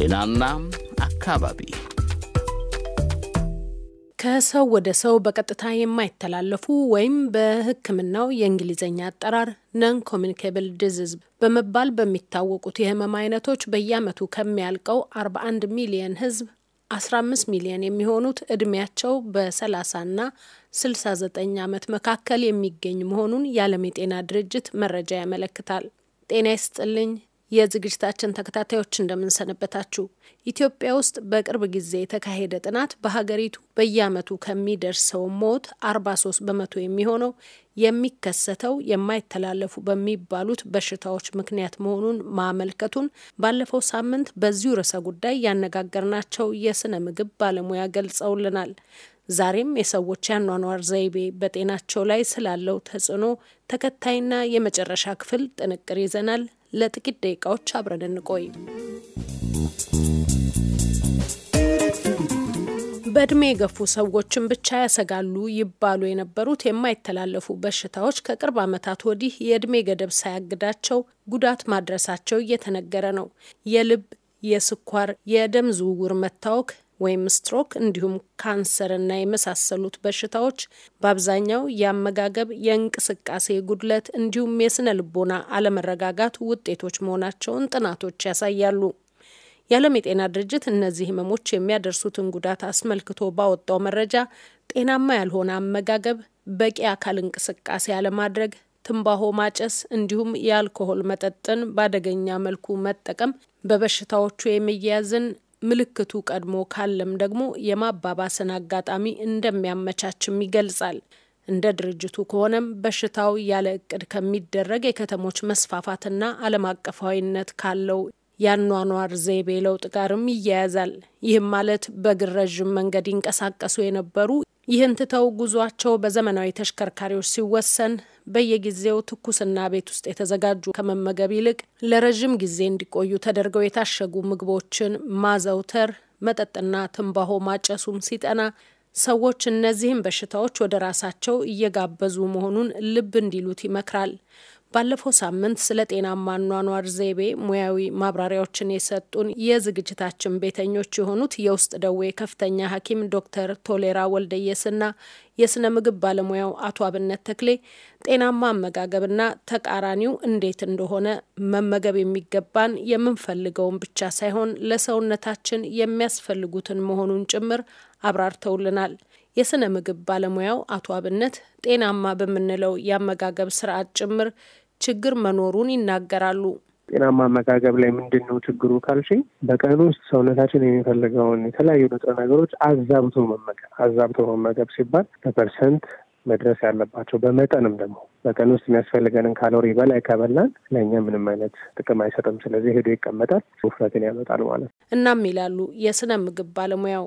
ጤናና አካባቢ ከሰው ወደ ሰው በቀጥታ የማይተላለፉ ወይም በሕክምናው የእንግሊዝኛ አጠራር ነን ኮሚኒኬብል ዲዚዝ በመባል በሚታወቁት የህመም አይነቶች በየአመቱ ከሚያልቀው 41 ሚሊየን ህዝብ 15 ሚሊየን የሚሆኑት እድሜያቸው በ30ና 69 ዓመት መካከል የሚገኝ መሆኑን የዓለም የጤና ድርጅት መረጃ ያመለክታል። ጤና ይስጥልኝ። የዝግጅታችን ተከታታዮች እንደምንሰነበታችሁ። ኢትዮጵያ ውስጥ በቅርብ ጊዜ የተካሄደ ጥናት በሀገሪቱ በየዓመቱ ከሚደርሰው ሞት 43 በመቶ የሚሆነው የሚከሰተው የማይተላለፉ በሚባሉት በሽታዎች ምክንያት መሆኑን ማመልከቱን ባለፈው ሳምንት በዚሁ ርዕሰ ጉዳይ ያነጋገርናቸው የስነ ምግብ ባለሙያ ገልጸውልናል። ዛሬም የሰዎች ያኗኗር ዘይቤ በጤናቸው ላይ ስላለው ተጽዕኖ ተከታይና የመጨረሻ ክፍል ጥንቅር ይዘናል። ለጥቂት ደቂቃዎች አብረን እንቆይ። በእድሜ የገፉ ሰዎችን ብቻ ያሰጋሉ ይባሉ የነበሩት የማይተላለፉ በሽታዎች ከቅርብ ዓመታት ወዲህ የእድሜ ገደብ ሳያግዳቸው ጉዳት ማድረሳቸው እየተነገረ ነው። የልብ፣ የስኳር፣ የደም ዝውውር መታወክ፣ ወይም ስትሮክ እንዲሁም ካንሰርና የመሳሰሉት በሽታዎች በአብዛኛው የአመጋገብ፣ የእንቅስቃሴ ጉድለት እንዲሁም የስነ ልቦና አለመረጋጋት ውጤቶች መሆናቸውን ጥናቶች ያሳያሉ። የዓለም የጤና ድርጅት እነዚህ ህመሞች የሚያደርሱትን ጉዳት አስመልክቶ ባወጣው መረጃ ጤናማ ያልሆነ አመጋገብ፣ በቂ አካል እንቅስቃሴ አለማድረግ ትንባሆ ማጨስ እንዲሁም የአልኮሆል መጠጥን በአደገኛ መልኩ መጠቀም በበሽታዎቹ የሚያያዝን ምልክቱ ቀድሞ ካለም ደግሞ የማባባስን አጋጣሚ እንደሚያመቻችም ይገልጻል። እንደ ድርጅቱ ከሆነም በሽታው ያለ እቅድ ከሚደረግ የከተሞች መስፋፋትና ዓለም አቀፋዊነት ካለው የአኗኗር ዘይቤ ለውጥ ጋርም ይያያዛል። ይህም ማለት በግር ረዥም መንገድ ይንቀሳቀሱ የነበሩ ይህን ትተው ጉዟቸው በዘመናዊ ተሽከርካሪዎች ሲወሰን በየጊዜው ትኩስና ቤት ውስጥ የተዘጋጁ ከመመገብ ይልቅ ለረዥም ጊዜ እንዲቆዩ ተደርገው የታሸጉ ምግቦችን ማዘውተር፣ መጠጥና ትንባሆ ማጨሱም ሲጠና ሰዎች እነዚህም በሽታዎች ወደ ራሳቸው እየጋበዙ መሆኑን ልብ እንዲሉት ይመክራል። ባለፈው ሳምንት ስለ ጤናማ አኗኗር ዘይቤ ሙያዊ ማብራሪያዎችን የሰጡን የዝግጅታችን ቤተኞች የሆኑት የውስጥ ደዌ ከፍተኛ ሐኪም ዶክተር ቶሌራ ወልደየስና የስነ ምግብ ባለሙያው አቶ አብነት ተክሌ ጤናማ አመጋገብና ተቃራኒው እንዴት እንደሆነ መመገብ የሚገባን የምንፈልገውን ብቻ ሳይሆን ለሰውነታችን የሚያስፈልጉትን መሆኑን ጭምር አብራርተውልናል። የስነ ምግብ ባለሙያው አቶ አብነት ጤናማ በምንለው የአመጋገብ ስርዓት ጭምር ችግር መኖሩን ይናገራሉ። ጤናማ አመጋገብ ላይ ምንድን ነው ችግሩ ካልሽኝ፣ በቀን ውስጥ ሰውነታችን የሚፈልገውን የተለያዩ ንጥረ ነገሮች አዛብቶ መመገብ። አዛብቶ መመገብ ሲባል በፐርሰንት መድረስ ያለባቸው በመጠንም ደግሞ በቀን ውስጥ የሚያስፈልገንን ካሎሪ በላይ ከበላን ለእኛ ምንም አይነት ጥቅም አይሰጥም። ስለዚህ ሄዶ ይቀመጣል፣ ውፍረትን ያመጣል ማለት ነው። እናም ይላሉ የስነ ምግብ ባለሙያው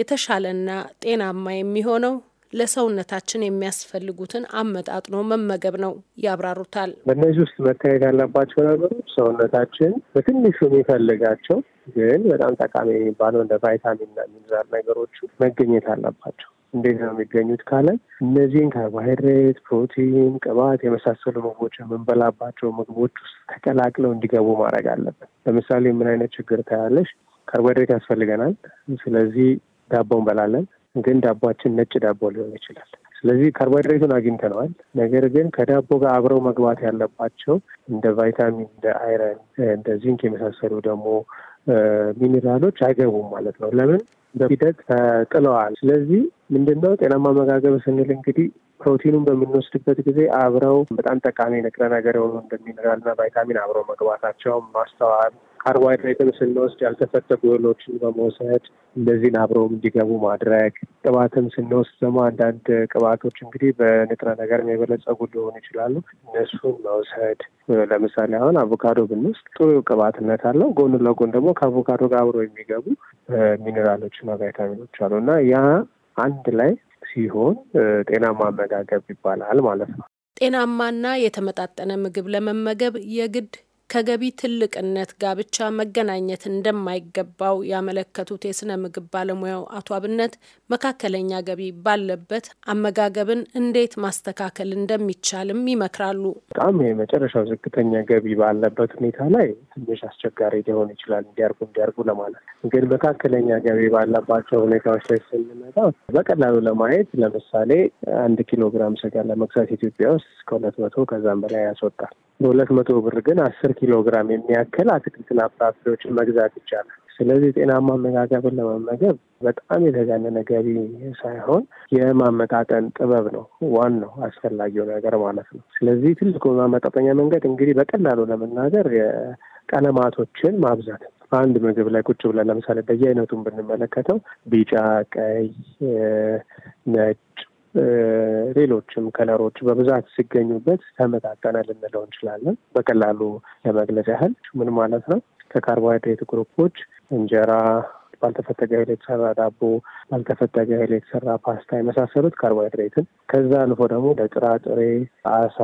የተሻለና ጤናማ የሚሆነው ለሰውነታችን የሚያስፈልጉትን አመጣጥኖ መመገብ ነው ያብራሩታል። በእነዚህ ውስጥ መታየት ያለባቸው ነገሮች ሰውነታችን በትንሹ የሚፈልጋቸው ግን በጣም ጠቃሚ የሚባለው እንደ ቫይታሚንና ሚኒራል ነገሮቹ መገኘት አለባቸው። እንዴት ነው የሚገኙት ካለ እነዚህን ካርቦሃይድሬት፣ ፕሮቲን፣ ቅባት የመሳሰሉ ምግቦች የምንበላባቸው ምግቦች ውስጥ ተቀላቅለው እንዲገቡ ማድረግ አለብን። ለምሳሌ ምን አይነት ችግር ታያለሽ? ካርቦሃይድሬት ያስፈልገናል። ስለዚህ ዳቦ እንበላለን። ግን ዳቧችን ነጭ ዳቦ ሊሆን ይችላል። ስለዚህ ካርቦሃይድሬቱን አግኝተነዋል። ነገር ግን ከዳቦ ጋር አብረው መግባት ያለባቸው እንደ ቫይታሚን፣ እንደ አይረን፣ እንደ ዚንክ የመሳሰሉ ደግሞ ሚኔራሎች አይገቡም ማለት ነው። ለምን በሂደት ተጥለዋል። ስለዚህ ምንድነው ጤናማ አመጋገብ ስንል እንግዲህ ፕሮቲኑን በምንወስድበት ጊዜ አብረው በጣም ጠቃሚ ንጥረ ነገር የሆኑ እንደ ሚኔራልና ቫይታሚን አብረው መግባታቸው ማስተዋል ካርቦሃይድሬትም ስንወስድ ያልተፈተጉ እህሎችን በመውሰድ እንደዚህን አብረው እንዲገቡ ማድረግ። ቅባትም ስንወስድ ደግሞ አንዳንድ ቅባቶች እንግዲህ በንጥረ ነገር የበለጸጉ ሊሆኑ ይችላሉ። እነሱን መውሰድ ለምሳሌ አሁን አቮካዶ ብንወስድ ጥሩ ቅባትነት አለው። ጎን ለጎን ደግሞ ከአቮካዶ ጋር አብረው የሚገቡ ሚኔራሎችና ቫይታሚኖች አሉ እና ያ አንድ ላይ ሲሆን ጤናማ አመጋገብ ይባላል ማለት ነው። ጤናማና የተመጣጠነ ምግብ ለመመገብ የግድ ከገቢ ትልቅነት ጋር ብቻ መገናኘት እንደማይገባው ያመለከቱት የስነ ምግብ ባለሙያው አቶ አብነት መካከለኛ ገቢ ባለበት አመጋገብን እንዴት ማስተካከል እንደሚቻልም ይመክራሉ። በጣም የመጨረሻው ዝቅተኛ ገቢ ባለበት ሁኔታ ላይ ትንሽ አስቸጋሪ ሊሆን ይችላል እንዲያርጉ እንዲያርጉ ለማለት ግን መካከለኛ ገቢ ባለባቸው ሁኔታዎች ላይ ስንመጣ በቀላሉ ለማየት ለምሳሌ አንድ ኪሎ ግራም ስጋ ለመግዛት ኢትዮጵያ ውስጥ ከሁለት መቶ ከዛም በላይ ያስወጣል። በሁለት መቶ ብር ግን አስር ኪሎ ግራም የሚያክል አትክልትና ፍራፍሬዎችን መግዛት ይቻላል። ስለዚህ ጤናማ አመጋገብን ለመመገብ በጣም የተጋነነ ገቢ ሳይሆን የማመጣጠን ጥበብ ነው ዋናው አስፈላጊው ነገር ማለት ነው። ስለዚህ ትልቁ ማመጣጠኛ መንገድ እንግዲህ በቀላሉ ለመናገር ቀለማቶችን ማብዛት አንድ ምግብ ላይ ቁጭ ብለን ለምሳሌ በየአይነቱን ብንመለከተው ቢጫ፣ ቀይ፣ ነጭ ሌሎችም ከለሮች በብዛት ሲገኙበት ተመጣጠነ ልንለው እንችላለን። በቀላሉ ለመግለጽ ያህል ምን ማለት ነው? ከካርቦሃይድሬት ግሩፖች እንጀራ፣ ባልተፈተገ ኃይል የተሰራ ዳቦ፣ ባልተፈተገ ኃይል የተሰራ ፓስታ የመሳሰሉት ካርቦሃይድሬትን ከዛ አልፎ ደግሞ ለጥራጥሬ፣ አሳ፣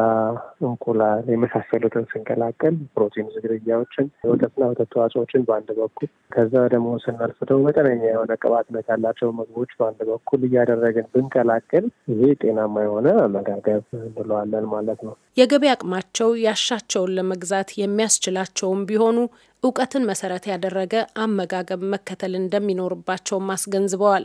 እንቁላል የመሳሰሉትን ስንቀላቀል ፕሮቲን ዝግርያዎችን፣ ወተትና ወተት ተዋጽኦችን በአንድ በኩል ከዛ ደግሞ ስናልፍ ደግሞ መጠነኛ የሆነ ቅባትነት ያላቸው ምግቦች በአንድ በኩል እያደረግን ብንቀላቀል ይሄ ጤናማ የሆነ አመጋገብ እንለዋለን ማለት ነው። የገበያ አቅማቸው ያሻቸውን ለመግዛት የሚያስችላቸውም ቢሆኑ እውቀትን መሰረት ያደረገ አመጋገብ መከተል እንደሚኖርባቸውም አስገንዝበዋል።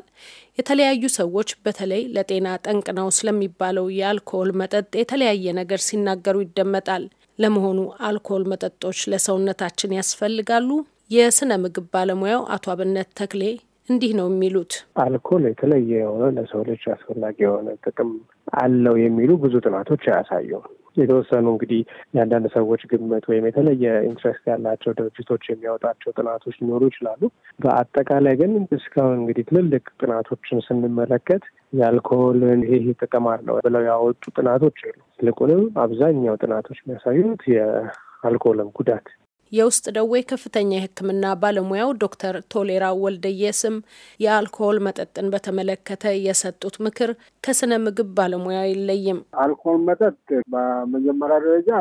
የተለያዩ ሰዎች በተለይ ለጤና ጠንቅ ነው ስለሚባለው የአልኮል መጠጥ የተለያየ ነገር ሲናገሩ ይደመጣል። ለመሆኑ አልኮል መጠጦች ለሰውነታችን ያስፈልጋሉ? የስነ ምግብ ባለሙያው አቶ አብነት ተክሌ እንዲህ ነው የሚሉት። አልኮል የተለየ የሆነ ለሰው ልጅ አስፈላጊ የሆነ ጥቅም አለው የሚሉ ብዙ ጥናቶች አያሳዩም። የተወሰኑ እንግዲህ የአንዳንድ ሰዎች ግምት ወይም የተለየ ኢንትረስት ያላቸው ድርጅቶች የሚያወጣቸው ጥናቶች ሊኖሩ ይችላሉ። በአጠቃላይ ግን እስካሁን እንግዲህ ትልልቅ ጥናቶችን ስንመለከት የአልኮልን ይሄ ጥቅም አለው ብለው ያወጡ ጥናቶች የሉ። ይልቁንም አብዛኛው ጥናቶች የሚያሳዩት የአልኮልን ጉዳት የውስጥ ደዌ ከፍተኛ የሕክምና ባለሙያው ዶክተር ቶሌራ ወልደየስም የአልኮል መጠጥን በተመለከተ የሰጡት ምክር ከስነ ምግብ ባለሙያ አይለይም። አልኮል መጠጥ በመጀመሪያ ደረጃ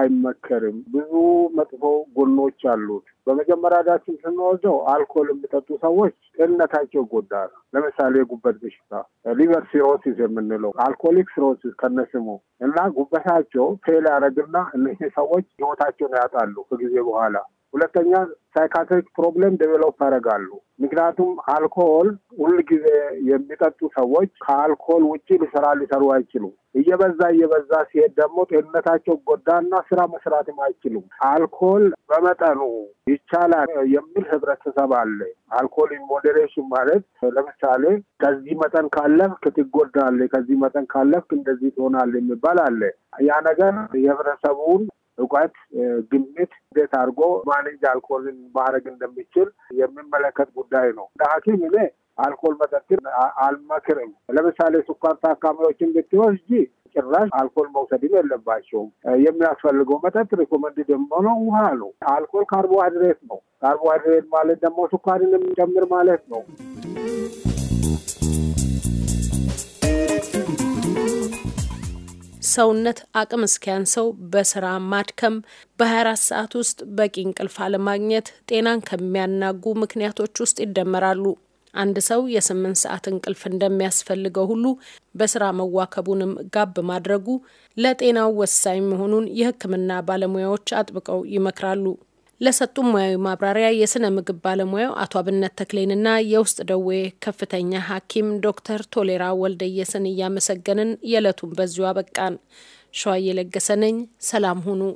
አይመከርም። ብዙ መጥፎ ጎኖች አሉት። በመጀመሪያ ዳችን ስንወስደው አልኮል የሚጠጡ ሰዎች ጤንነታቸው ይጎዳል። ለምሳሌ የጉበት በሽታ ሊቨር ሲሮሲስ የምንለው አልኮሊክ ሲሮሲስ ከነስሙ እና ጉበታቸው ፌል ያደረግና እነዚህ ሰዎች ህይወታቸውን ያጣሉ ከጊዜ በኋላ። ሁለተኛ ሳይካትሪክ ፕሮብሌም ዴቨሎፕ ያደርጋሉ። ምክንያቱም አልኮል ሁልጊዜ የሚጠጡ ሰዎች ከአልኮል ውጭ ሊሰራ ሊሰሩ አይችሉም። እየበዛ እየበዛ ሲሄድ ደግሞ ጤንነታቸው ጎዳና ስራ መስራትም አይችሉም። አልኮል በመጠኑ ይቻላል የሚል ህብረተሰብ አለ። አልኮል ኢንሞዴሬሽን ማለት ለምሳሌ ከዚህ መጠን ካለፍክ ትጎዳለህ፣ ከዚህ መጠን ካለፍክ እንደዚህ ትሆናለህ የሚባል አለ። ያ ነገር የህብረተሰቡን እውቀት ግምት እንዴት አድርጎ ማኔጅ አልኮልን ማድረግ እንደሚችል የሚመለከት ጉዳይ ነው። እንደ ሐኪም እኔ አልኮል መጠጥ አልመክርም። ለምሳሌ ስኳር ታካሚዎችን ብትወስጂ ጭራሽ አልኮል መውሰድም የለባቸውም። የሚያስፈልገው መጠጥ ሪኮመንድ ደግሞ ነው ውሃ ነው። አልኮል ካርቦሃይድሬት ነው። ካርቦሃይድሬት ማለት ደግሞ ስኳርን የሚጨምር ማለት ነው። ሰውነት አቅም እስኪያንሰው በስራ ማድከም፣ በ24 ሰዓት ውስጥ በቂ እንቅልፍ አለማግኘት ጤናን ከሚያናጉ ምክንያቶች ውስጥ ይደመራሉ። አንድ ሰው የስምንት ሰዓት እንቅልፍ እንደሚያስፈልገው ሁሉ በስራ መዋከቡንም ጋብ ማድረጉ ለጤናው ወሳኝ መሆኑን የሕክምና ባለሙያዎች አጥብቀው ይመክራሉ። ለሰጡ ሙያዊ ማብራሪያ የስነ ምግብ ባለሙያው አቶ አብነት ተክሌንና የውስጥ ደዌ ከፍተኛ ሐኪም ዶክተር ቶሌራ ወልደየስን እያመሰገንን የዕለቱን በዚሁ አበቃን። ሸዋ ለገሰ ነኝ። ሰላም ሁኑ።